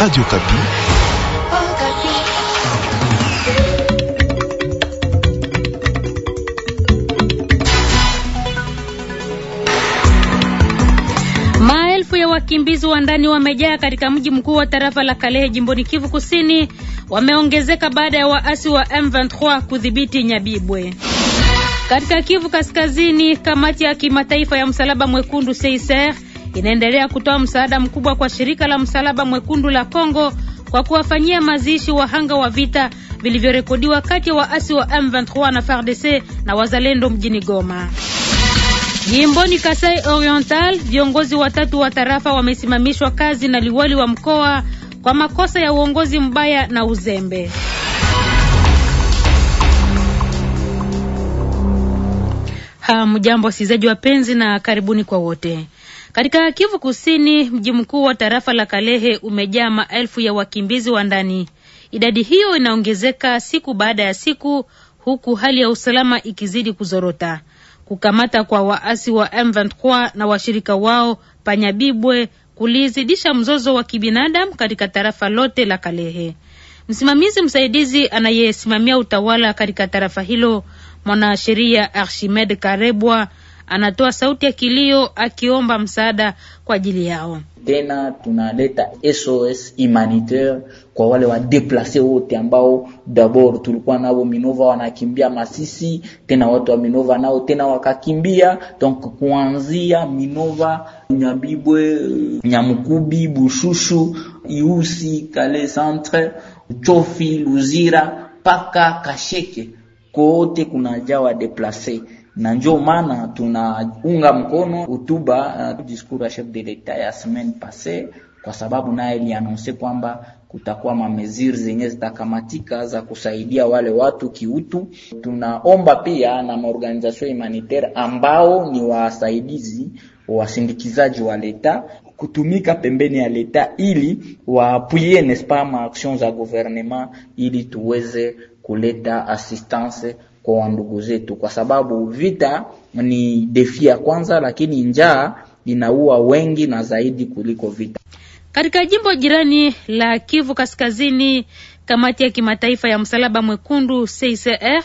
Radio Kapi. Maelfu ya wakimbizi wa ndani wamejaa katika mji mkuu wa tarafa la Kalehe jimboni Kivu Kusini, wameongezeka baada ya waasi wa M23 kudhibiti Nyabibwe. Katika Kivu Kaskazini, kamati ya kimataifa ya msalaba mwekundu CICR inaendelea kutoa msaada mkubwa kwa shirika la Msalaba Mwekundu la Kongo kwa kuwafanyia mazishi wahanga wa vita vilivyorekodiwa kati ya waasi wa M23 na FARDC na wazalendo mjini Goma. Jimboni Kasai Oriental, viongozi watatu wa tarafa wamesimamishwa kazi na liwali wa mkoa kwa makosa ya uongozi mbaya na uzembe. Hamjambo wasikilizaji wapenzi, na karibuni kwa wote. Katika Kivu Kusini, mji mkuu wa tarafa la Kalehe umejaa maelfu ya wakimbizi wa ndani. Idadi hiyo inaongezeka siku baada ya siku, huku hali ya usalama ikizidi kuzorota. Kukamata kwa waasi wa M23 na washirika wao Panyabibwe kulizidisha mzozo wa kibinadamu katika tarafa lote la Kalehe. Msimamizi msaidizi anayesimamia utawala katika tarafa hilo, mwanasheria Archimede Karebwa anatoa sauti ya kilio akiomba msaada kwa ajili yao. Tena tunaleta SOS humanitaire kwa wale wadeplace wote ambao dabord tulikuwa nao Minova wanakimbia Masisi, tena watu wa Minova nao tena wakakimbia. Donc kuanzia Minova, Nyabibwe, Nyamukubi, Bushushu, Iusi, Kale Centre, Chofi, Luzira mpaka Kasheke, kote kunajaa wadeplase na njo maana tunaunga mkono hotuba uh, discours ya chef de l'etat ya semaine passée, kwa sababu naye alianonse kwamba kutakuwa mamezir zenye zitakamatika za kusaidia wale watu kiutu. Tunaomba pia na maorganisation humanitaire ambao ni wasaidizi wasindikizaji wa leta kutumika pembeni ya leta ili waapuye nespa ma action za gouvernement ili tuweze kuleta assistance kwa wandugu zetu, kwa sababu vita ni defi ya kwanza, lakini njaa inaua wengi na zaidi kuliko vita. Katika jimbo jirani la Kivu Kaskazini, kamati ya kimataifa ya msalaba mwekundu CICR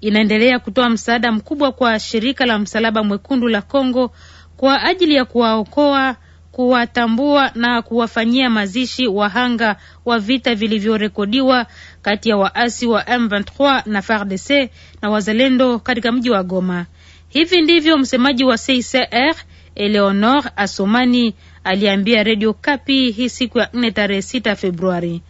inaendelea kutoa msaada mkubwa kwa shirika la msalaba mwekundu la Kongo kwa ajili ya kuwaokoa kuwatambua na kuwafanyia mazishi wahanga wa vita vilivyorekodiwa kati ya waasi wa M23 na FARDC na wazalendo katika mji wa Goma. Hivi ndivyo msemaji wa CICR Eleonor Asomani aliambia Radio Kapi hii siku ya 4 tarehe 6 Februari.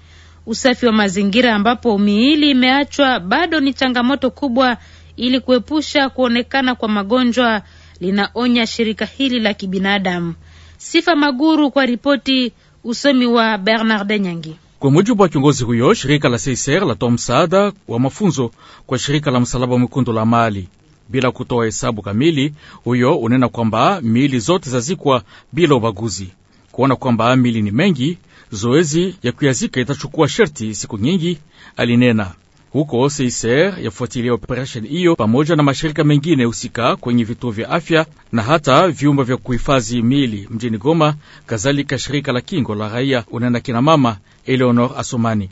Usafi wa mazingira ambapo miili imeachwa bado ni changamoto kubwa ili kuepusha kuonekana kwa magonjwa, linaonya shirika hili la kibinadamu. Sifa Maguru kwa ripoti, usomi wa Bernard Nyangi. Kwa mujibu wa kiongozi huyo, shirika la CICR latoa msaada wa mafunzo kwa shirika la Msalaba Mwekundu la Mali bila kutoa hesabu kamili. Huyo unena kwamba miili zote zazikwa bila ubaguzi. Kuona kwamba miili ni mengi, zoezi ya kuyazika itachukua sherti siku nyingi, alinena. Huko Seiser yafuatilia operesheni hiyo pamoja na mashirika mengine husika kwenye vituo vya afya na hata vyumba vya kuhifadhi mili mjini Goma, kadhalika shirika la kingo la raia unena kina mama Eleonor Asomani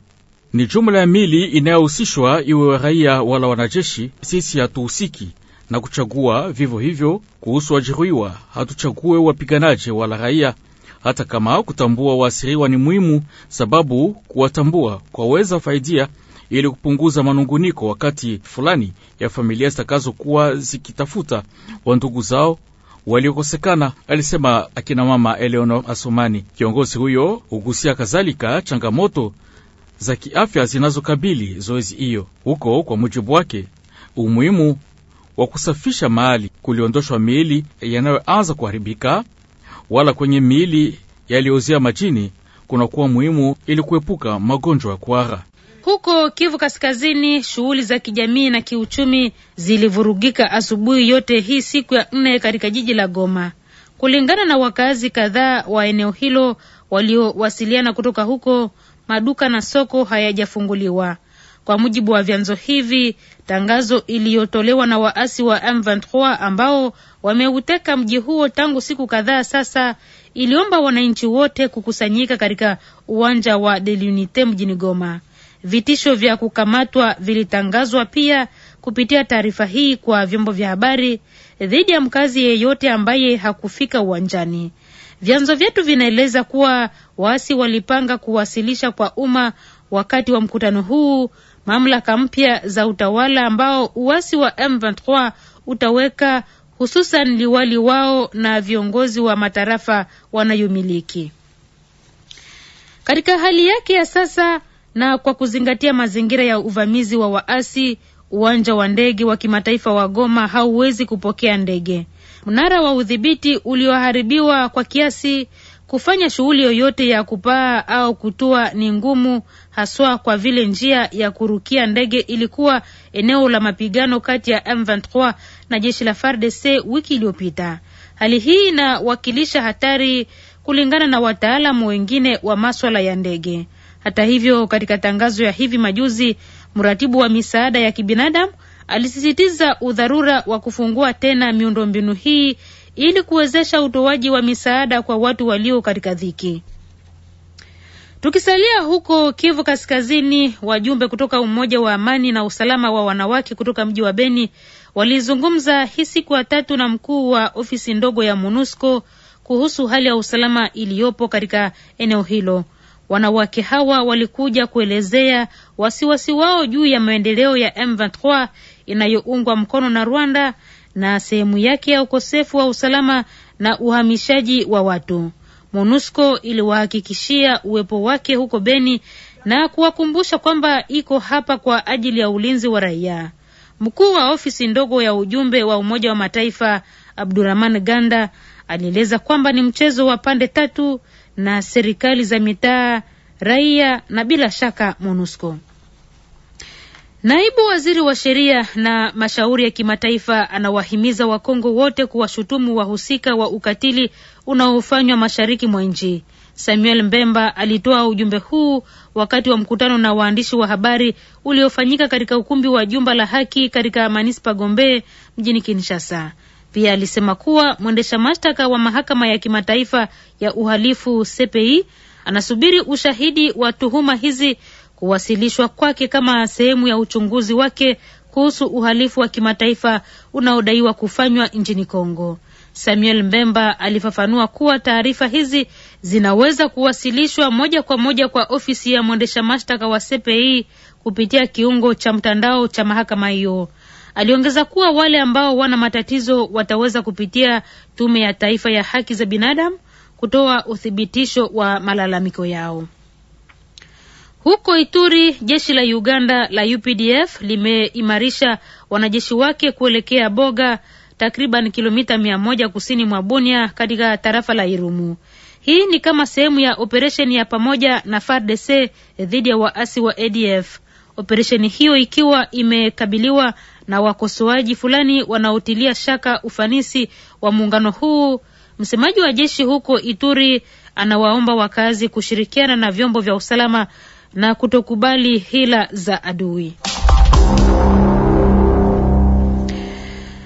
ni jumla ya mili inayohusishwa iwe raia wala wanajeshi. Sisi hatuhusiki na kuchagua, vivyo hivyo kuhusu wajeruhiwa hatuchague wapiganaji wala raia, hata kama kutambua waasiriwa ni muhimu, sababu kuwatambua kwaweza faidia ili kupunguza manunguniko wakati fulani ya familia zitakazokuwa zikitafuta wandugu zao waliokosekana, alisema akina mama Eleonor Asomani. Kiongozi huyo hugusia kadhalika changamoto za kiafya zinazokabili zoezi hiyo huko. Kwa mujibu wake, umuhimu wa kusafisha mahali kuliondoshwa miili yanayoanza kuharibika wala kwenye miili yaliyozia majini kunakuwa muhimu ili kuepuka magonjwa ya kuhara. Huko Kivu Kaskazini, shughuli za kijamii na kiuchumi zilivurugika asubuhi yote hii siku ya nne katika jiji la Goma, kulingana na wakazi kadhaa wa eneo hilo waliowasiliana kutoka huko. Maduka na soko hayajafunguliwa kwa mujibu wa vyanzo hivi. Tangazo iliyotolewa na waasi wa M23 ambao wameuteka mji huo tangu siku kadhaa sasa iliomba wananchi wote kukusanyika katika uwanja wa Delunite mjini Goma. Vitisho vya kukamatwa vilitangazwa pia kupitia taarifa hii kwa vyombo vya habari dhidi ya mkazi yeyote ambaye hakufika uwanjani. Vyanzo vyetu vinaeleza kuwa waasi walipanga kuwasilisha kwa umma wakati wa mkutano huu mamlaka mpya za utawala ambao uasi wa M23 utaweka hususan liwali wao na viongozi wa matarafa wanayomiliki. Katika hali yake ya sasa, na kwa kuzingatia mazingira ya uvamizi wa waasi, uwanja wa ndege wa kimataifa wa Goma hauwezi kupokea ndege. Mnara wa udhibiti ulioharibiwa kwa kiasi, kufanya shughuli yoyote ya kupaa au kutua ni ngumu, haswa kwa vile njia ya kurukia ndege ilikuwa eneo la mapigano kati ya M23 na jeshi la FARDC wiki iliyopita. Hali hii inawakilisha hatari kulingana na wataalamu wengine wa maswala ya ndege. Hata hivyo, katika tangazo ya hivi majuzi, mratibu wa misaada ya kibinadamu alisisitiza udharura wa kufungua tena miundombinu hii ili kuwezesha utoaji wa misaada kwa watu walio katika dhiki. Tukisalia huko Kivu Kaskazini, wajumbe kutoka Umoja wa Amani na Usalama wa Wanawake kutoka mji wa Beni walizungumza hii siku ya tatu na mkuu wa ofisi ndogo ya MONUSCO kuhusu hali ya usalama iliyopo katika eneo hilo. Wanawake hawa walikuja kuelezea wasiwasi wao juu ya maendeleo ya M23 inayoungwa mkono na Rwanda na sehemu yake ya ukosefu wa usalama na uhamishaji wa watu. MONUSCO iliwahakikishia uwepo wake huko Beni na kuwakumbusha kwamba iko hapa kwa ajili ya ulinzi wa raia. Mkuu wa ofisi ndogo ya ujumbe wa Umoja wa Mataifa Abdurahman Ganda alieleza kwamba ni mchezo wa pande tatu na serikali za mitaa, raia na bila shaka MONUSCO. Naibu waziri wa sheria na mashauri ya kimataifa anawahimiza Wakongo wote kuwashutumu wahusika wa ukatili unaofanywa mashariki mwa nchi. Samuel Mbemba alitoa ujumbe huu wakati wa mkutano na waandishi wa habari uliofanyika katika ukumbi wa jumba la haki katika manispa Gombe mjini Kinshasa. Pia alisema kuwa mwendesha mashtaka wa mahakama ya kimataifa ya uhalifu CPI anasubiri ushahidi wa tuhuma hizi kuwasilishwa kwake kama sehemu ya uchunguzi wake kuhusu uhalifu wa kimataifa unaodaiwa kufanywa nchini Kongo. Samuel Mbemba alifafanua kuwa taarifa hizi zinaweza kuwasilishwa moja kwa moja kwa ofisi ya mwendesha mashtaka wa CPI kupitia kiungo cha mtandao cha mahakama hiyo. Aliongeza kuwa wale ambao wana matatizo wataweza kupitia tume ya taifa ya haki za binadamu kutoa uthibitisho wa malalamiko yao. Huko Ituri, jeshi la Uganda la UPDF limeimarisha wanajeshi wake kuelekea Boga, takriban kilomita mia moja kusini mwa Bunia katika tarafa la Irumu. Hii ni kama sehemu ya operesheni ya pamoja na FARDC dhidi ya waasi wa ADF. Operesheni hiyo ikiwa imekabiliwa na wakosoaji fulani wanaotilia shaka ufanisi wa muungano huu. Msemaji wa jeshi huko Ituri anawaomba wakazi kushirikiana na vyombo vya usalama na kutokubali hila za adui.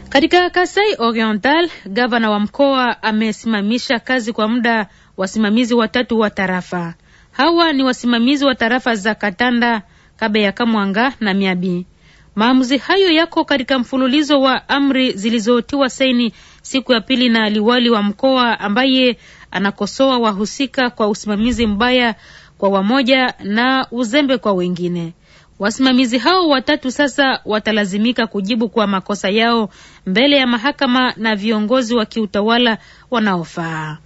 Katika Kasai Oriental, gavana wa mkoa amesimamisha kazi kwa muda wasimamizi watatu wa tarafa. Hawa ni wasimamizi wa tarafa za Katanda, kabe ya Kamwanga na Miabi. Maamuzi hayo yako katika mfululizo wa amri zilizotiwa saini siku ya pili na liwali wa mkoa ambaye anakosoa wahusika kwa usimamizi mbaya kwa wamoja na uzembe kwa wengine. Wasimamizi hao watatu sasa watalazimika kujibu kwa makosa yao mbele ya mahakama na viongozi wa kiutawala wanaofaa.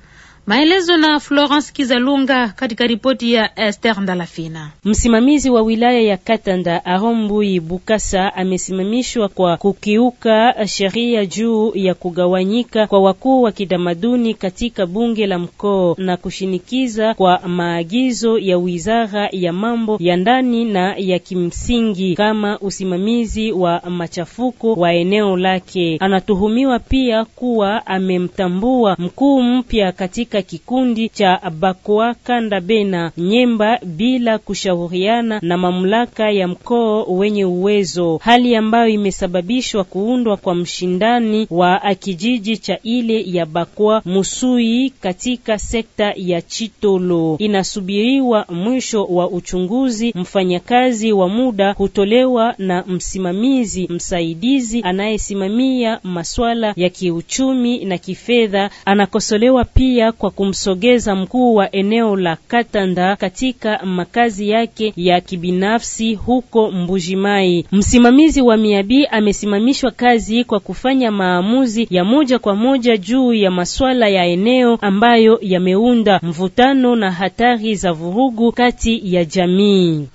Maelezo na Florence Kizalunga katika ripoti ya Esther Ndalafina. Msimamizi wa wilaya ya Katanda Arombui Bukasa amesimamishwa kwa kukiuka sheria juu ya kugawanyika kwa wakuu wa kitamaduni katika bunge la mkoa na kushinikiza kwa maagizo ya wizara ya mambo ya ndani na ya kimsingi kama usimamizi wa machafuko wa eneo lake. Anatuhumiwa pia kuwa amemtambua mkuu mpya katika katika kikundi cha Bakwa Kanda Bena Nyemba bila kushauriana na mamlaka ya mkoo wenye uwezo, hali ambayo imesababishwa kuundwa kwa mshindani wa akijiji cha ile ya Bakwa Musui katika sekta ya Chitolo. Inasubiriwa mwisho wa uchunguzi, mfanyakazi wa muda hutolewa na msimamizi msaidizi anayesimamia masuala ya kiuchumi na kifedha, anakosolewa pia kwa kumsogeza mkuu wa eneo la Katanda katika makazi yake ya kibinafsi huko Mbujimai. Msimamizi wa Miabi amesimamishwa kazi kwa kufanya maamuzi ya moja kwa moja juu ya masuala ya eneo ambayo yameunda mvutano na hatari za vurugu kati ya jamii.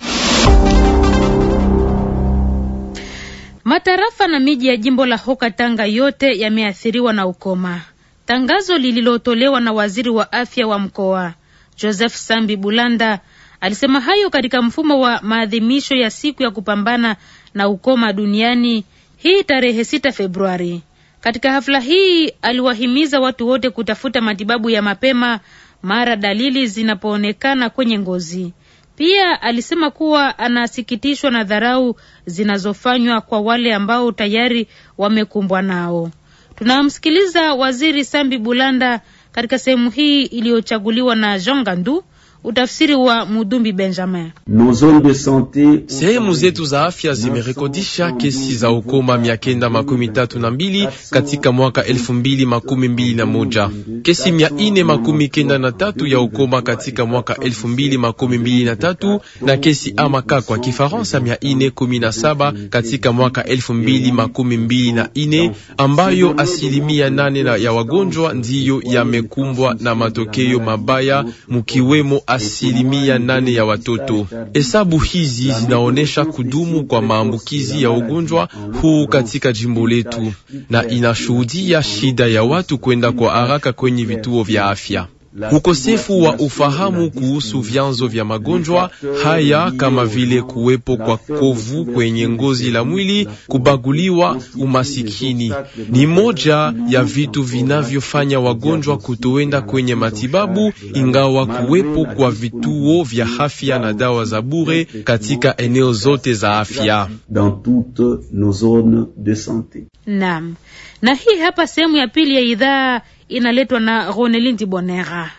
Matarafa na miji ya jimbo la Hoka Tanga yote yameathiriwa na ukoma. Tangazo lililotolewa na waziri wa afya wa mkoa Joseph Sambi Bulanda alisema hayo katika mfumo wa maadhimisho ya siku ya kupambana na ukoma duniani hii tarehe 6 Februari. Katika hafla hii aliwahimiza watu wote kutafuta matibabu ya mapema mara dalili zinapoonekana kwenye ngozi. Pia alisema kuwa anasikitishwa na dharau zinazofanywa kwa wale ambao tayari wamekumbwa nao. Tunamsikiliza Waziri Sambi Bulanda katika sehemu hii iliyochaguliwa na Jean Gandu Utafsiri wa Mudumbi Benjamin. Sehemu zetu za afya zimerekodisha kesi za ukoma mia kenda makumi tatu na mbili katika mwaka elfu mbili makumi mbili na moja kesi mia ine makumi kenda na tatu ya ukoma katika mwaka elfu mbili makumi mbili na tatu na kesi amaka kwa Kifaransa mia ine kumi na saba katika mwaka elfu mbili makumi mbili na ine ambayo asilimia nane na ya wagonjwa ndiyo yamekumbwa na matokeo mabaya mukiwemo asilimia nane ya watoto. Hesabu hizi zinaonyesha kudumu kwa maambukizi ya ugonjwa huu katika jimbo letu na inashuhudia shida ya watu kwenda kwa haraka kwenye vituo vya afya ukosefu wa ufahamu kuhusu vyanzo vya magonjwa haya kama vile kuwepo kwa kovu kwenye ngozi la mwili, kubaguliwa, umasikini ni moja ya vitu vinavyofanya wagonjwa kutoenda kwenye matibabu, ingawa kuwepo kwa vituo vya afya na dawa za bure katika eneo zote za afya. Naam, na hii hapa sehemu ya pili ya idhaa inaletwa na Ronelindi Bonera.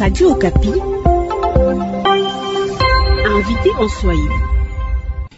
Radio Okapi invité en Swahili.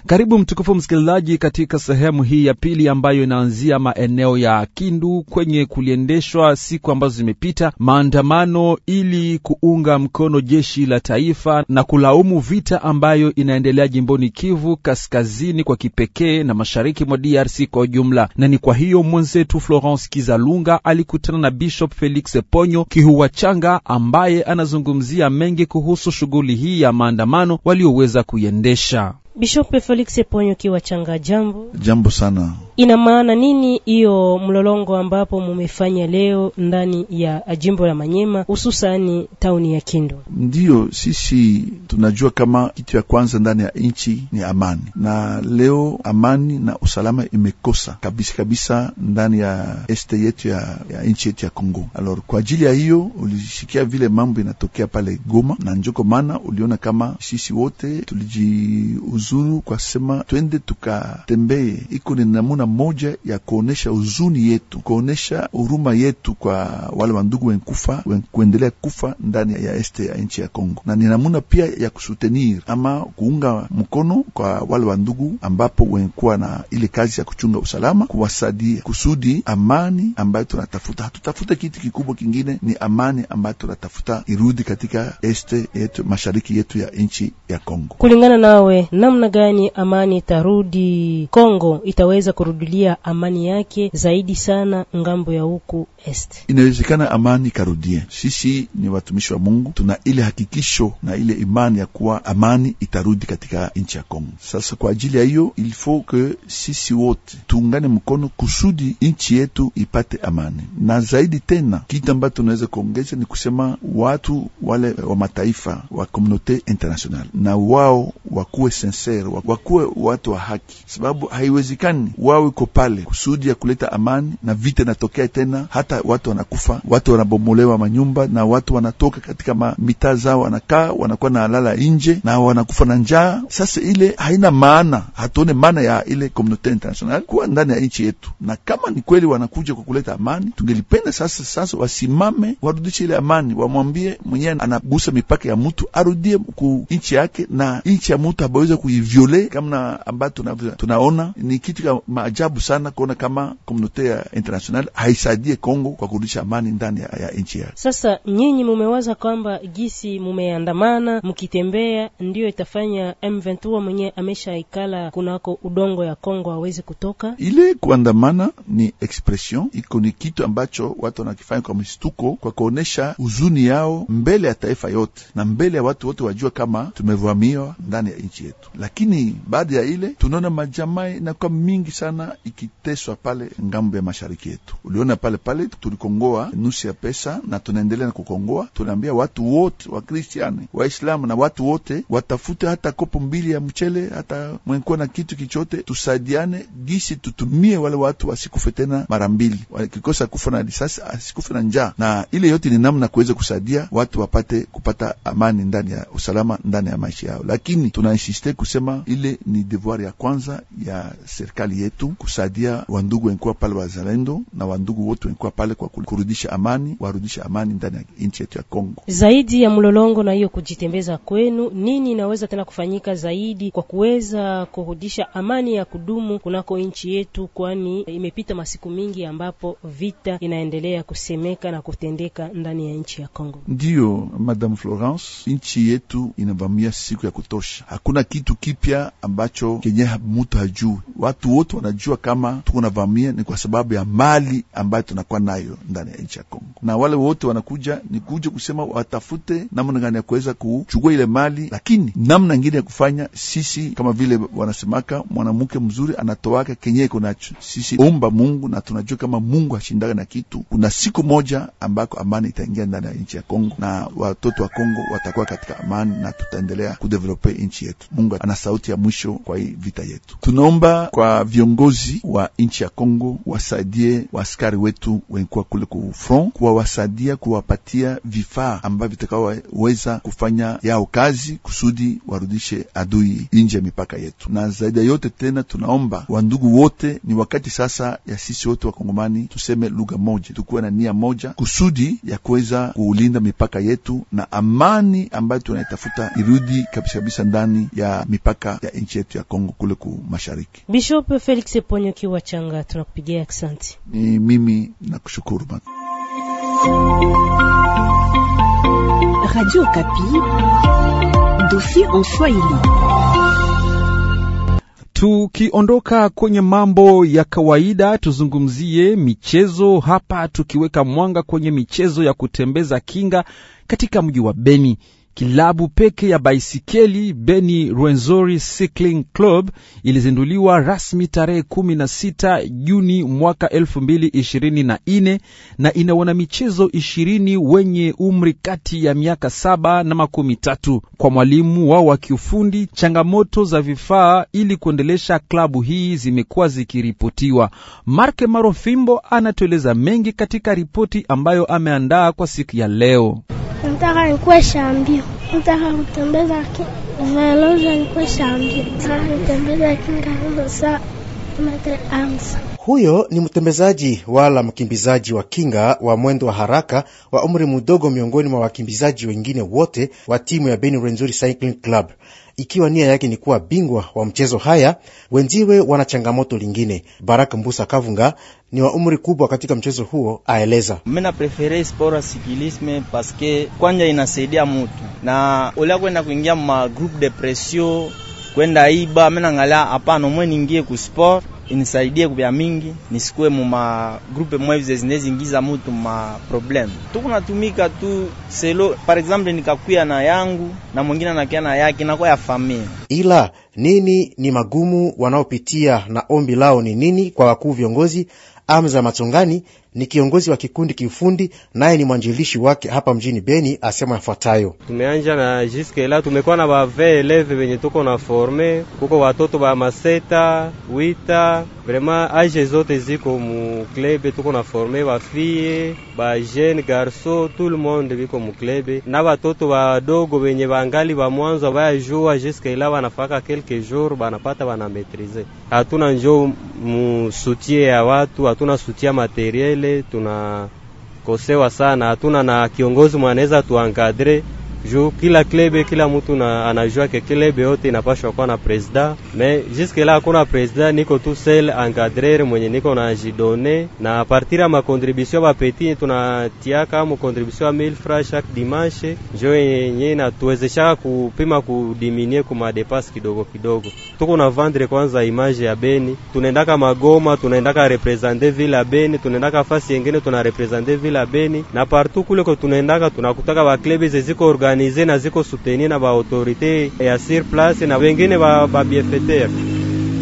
Karibu mtukufu msikilizaji, katika sehemu hii ya pili ambayo inaanzia maeneo ya Kindu kwenye kuliendeshwa siku ambazo zimepita maandamano ili kuunga mkono jeshi la taifa na kulaumu vita ambayo inaendelea jimboni Kivu Kaskazini kwa kipekee na mashariki mwa DRC kwa ujumla. Na ni kwa hiyo mwenzetu Florence Kizalunga alikutana na Bishop Felix Ponyo Changa ambaye anazungumzia mengi kuhusu shughuli hii ya maandamano walioweza kuiendesha bishope Felix Ponyo Kiwachanga, jambo jambo sana ina maana nini hiyo mlolongo ambapo mumefanya leo ndani ya jimbo la Manyema, hususani tauni ya Kindu? Ndiyo, sisi tunajua kama kitu ya kwanza ndani ya nchi ni amani, na leo amani na usalama imekosa kabisa kabisa ndani ya este yetu ya, ya nchi yetu ya Kongo. Alors kwa ajili ya hiyo ulishikia vile mambo inatokea pale Goma na njoko, maana uliona kama sisi wote tulijiuzuru kwa sema twende tukatembee iko ni namuna moja ya kuonesha huzuni yetu, kuonesha huruma yetu kwa wale wandugu wenkufa kuendelea kufa ndani ya este ya nchi ya Kongo, na ni namuna pia ya kusutenir ama kuunga mkono kwa wale wandugu ambapo wenkuwa na ile kazi ya kuchunga usalama, kuwasadia kusudi amani ambayo tunatafuta. Hatutafute kitu kikubwa kingine, ni amani ambayo tunatafuta irudi katika este yetu, mashariki yetu ya nchi ya Kongo. Kulingana nawe, namna gani amani itarudi Kongo, itaweza kurudi kurudilia amani yake zaidi sana ngambo ya huku est. Inawezekana amani karudie. Sisi ni watumishi wa Mungu, tuna ile hakikisho na ile imani ya kuwa amani itarudi katika nchi ya Kongo. Sasa kwa ajili ya hiyo, il faut que sisi wote tuungane mkono kusudi nchi yetu ipate amani, na zaidi tena kitu ambacho tunaweza kuongeza ni kusema watu wale wa mataifa wa komunote international na wao wakuwe sincere, wakuwe watu wa haki, sababu haiwezekani wawe moyo iko pale kusudi ya kuleta amani, na vita inatokea tena, hata watu wanakufa, watu wanabomolewa manyumba, na watu wanatoka katika mitaa zao, wanakaa wanakuwa na lala nje na wanakufa na njaa. Sasa ile haina maana, hatuone maana ya ile komunote international kuwa ndani ya nchi yetu, na kama ni kweli wanakuja kwa kuleta amani, tungelipenda sasa sasa wasimame, warudishe ile amani, wamwambie mwenyewe anagusa mipaka ya mtu arudie ku nchi yake, na nchi ya mtu habaweza kuivyole kama ambayo tunaona ni kitu ka ajabu sana kuona kama komunote ya international haisaidie Kongo kwa kurudisha amani ndani ya, nchi yake. Sasa nyinyi mumewaza kwamba gisi mumeandamana mukitembea ndiyo itafanya M23 mwenye ameshaikala kunako udongo ya Kongo awezi kutoka. Ile kuandamana ni expression iko, ni kitu ambacho watu wanakifanya kwa mshtuko, kwa kuonesha huzuni yao mbele ya taifa yote na mbele ya watu wote, wajua kama tumevamiwa ndani ya nchi yetu. Lakini baada ya ile tunaona majamaa inakuwa mingi sana sana ikiteswa pale ngambo ya mashariki yetu. Uliona pale pale tulikongoa nusu ya pesa na tunaendelea na kukongoa. Tunaambia watu wote wa Kristiani, Waislamu na watu wote watafute hata kopo mbili ya mchele, hata mwenkuwa na kitu kichote, tusaidiane gisi tutumie wale watu wasikufe tena mara mbili, wakikosa kufa na risasi asikufe na njaa, na ile yote ni namna kuweza kusaidia watu wapate kupata amani ndani ya usalama ndani ya maisha yao, lakini tunainsiste kusema ile ni devoir ya kwanza ya serikali yetu kusaidia wandugu wenkuwa pale wazalendo na wandugu wote wenkuwa pale kwa kurudisha amani, warudisha amani ndani ya nchi yetu ya Kongo. Zaidi ya mlolongo na hiyo kujitembeza kwenu, nini inaweza tena kufanyika zaidi kwa kuweza kurudisha amani ya kudumu kunako nchi yetu, kwani imepita masiku mingi ambapo vita inaendelea kusemeka na kutendeka ndani ya nchi ya Kongo. Ndiyo, Madame Florence, nchi yetu inavamia siku ya kutosha, hakuna kitu kipya ambacho kenye mutu hajui, watu wote wana tunajua kama tuko navamia ni kwa sababu ya mali ambayo tunakuwa nayo ndani ya nchi ya Kongo, na wale wote wanakuja ni kuja kusema watafute namna gani ya kuweza kuchukua ile mali, lakini namna ingine ya kufanya. Sisi kama vile wanasemaka mwanamke mzuri anatoaka kenye iko nacho, sisi omba Mungu na tunajua kama Mungu hashindaka na kitu. Kuna siku moja ambako amani itaingia ndani ya nchi ya Kongo na watoto wa Kongo watakuwa katika amani na tutaendelea kudevelope nchi yetu. Mungu ana sauti ya mwisho kwa hii vita yetu. Tunaomba kwa viongozi viongozi wa nchi ya Kongo wasaidie waaskari wetu wenkuwa kule ku front, kuwawasaidia kuwapatia vifaa ambavyo vitakawaweza kufanya yao kazi kusudi warudishe adui nje ya mipaka yetu. Na zaidi ya yote tena, tunaomba wandugu wote, ni wakati sasa ya sisi wote wakongomani tuseme lugha moja, tukuwe na nia moja kusudi ya kuweza kuulinda mipaka yetu na amani ambayo tunaitafuta irudi kabisa kabisa ndani ya mipaka ya nchi yetu ya Kongo kule ku mashariki. Bishop Felix Asante Ponyo kiwa changa, tunakupigia asante. Ni mimi nakushukuru bana. Radio Kapi, dofi en Swahili. Tukiondoka kwenye mambo ya kawaida, tuzungumzie michezo hapa, tukiweka mwanga kwenye michezo ya kutembeza kinga katika mji wa Beni. Kilabu peke ya baisikeli Beni Rwenzori Cycling Club ilizinduliwa rasmi tarehe 16 Juni mwaka 2024 na ina wanamichezo ishirini wenye umri kati ya miaka saba na makumi tatu. Kwa mwalimu wao wa kiufundi, changamoto za vifaa ili kuendelesha klabu hii zimekuwa zikiripotiwa. Marke Marofimbo anatueleza mengi katika ripoti ambayo ameandaa kwa siku ya leo. Mtara alikuwa shambio, mtara kutembeza velo alikuwa shambio, mtara kutembeza kinga saa huyo ni mtembezaji wala mkimbizaji wa kinga wa mwendo wa haraka wa umri mdogo miongoni mwa wakimbizaji wengine wote wa timu ya Beni Renzuri Cycling Club, ikiwa nia yake ni kuwa bingwa wa mchezo haya. Wenziwe wana changamoto lingine. Baraka Mbusa Kavunga ni wa umri kubwa katika mchezo huo, aeleza: mina prefere spora sikilisme paske kwanja inasaidia mutu na ulia kwenda kuingia ma groupe kwenda iba menangala hapana, mwe ningie ku sport inisaidie kubya mingi, nisikue muma grupe mwevize zinezingiza mutu ma problem. Tukunatumika tu selo, par exemple nikakuya na yangu na mwingine anakuya na yake, nakuwa ya famia. Ila nini ni magumu wanaopitia na ombi lao ni nini kwa wakuu viongozi? Amza machongani ni kiongozi wa kikundi kiufundi, naye ni mwanjilishi wake hapa mjini Beni, asema yafuatayo: tumeanja na jiske la tumekuwa na bave eleve venye tuko na forme, kuko watoto ba maseta wita vrema aje zote ziko muklebe, tuko na forme bafie ba jeune garso tout le monde biko muklebe na watoto wadogo venye bangali ba mwanzo bayajua jiske la banafaka kelke jour banapata banametrize. Hatuna njo musutie ya watu, hatuna sutia materiel mbele tunakosewa sana, hatuna na kiongozi mwanaweza tuankadre juu kila klebe kila mutu na, anajua ke klebe yote inapashwa kuwa na presida me juske la hakuna presida, niko tu sel encadrer mwenye niko na jidone na partir ya makontribution bapeti tunatiaka mu kontribution ya 1000 francs chaque dimanche, njo yenye natuwezesha kupima kudiminie ku madepase kidogo kidogo. Tuko na vendre kwanza image ya Beni, tunaendaka Magoma, tunaendaka represente ville ya Beni, tunaendaka fasi yengine tuna represente ville ya Beni na partout kule ko tunaendaka tunakutaka baklebe zeziko organize organize na ziko soutenir na ba autorite ya sur place na wengine ba, ba bienfaiteur.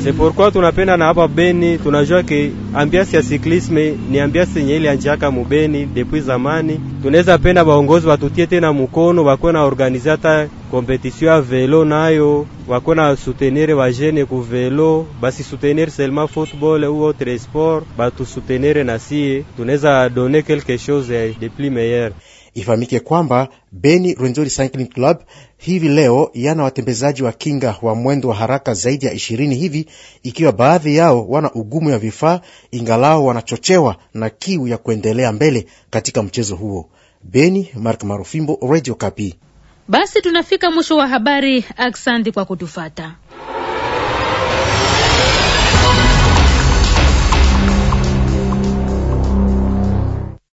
C'est pourquoi tunapenda na hapa Beni, tunajua ke ambiasi ya siklisme ni ambiasi yenye ile anjaka mubeni depuis zamani. Tunaweza penda baongozi watutie tena mukono bakwe na organize hata kompetition ya velo nayo, wakuwe na soutenir wajene ku velo, basi soutenir seulement football ou autre sport, batu soutenir na sie, tunaweza donner quelque chose de plus meilleur. Ifahamike kwamba Beni Rwenzori Cycling Club hivi leo yana watembezaji wa kinga wa mwendo wa haraka zaidi ya ishirini hivi, ikiwa baadhi yao wana ugumu ya vifaa, ingalao wanachochewa na kiu ya kuendelea mbele katika mchezo huo. Beni, Mark Marufimbo, Radio Kapi. Basi tunafika mwisho wa habari. aksandi kwa kutufata.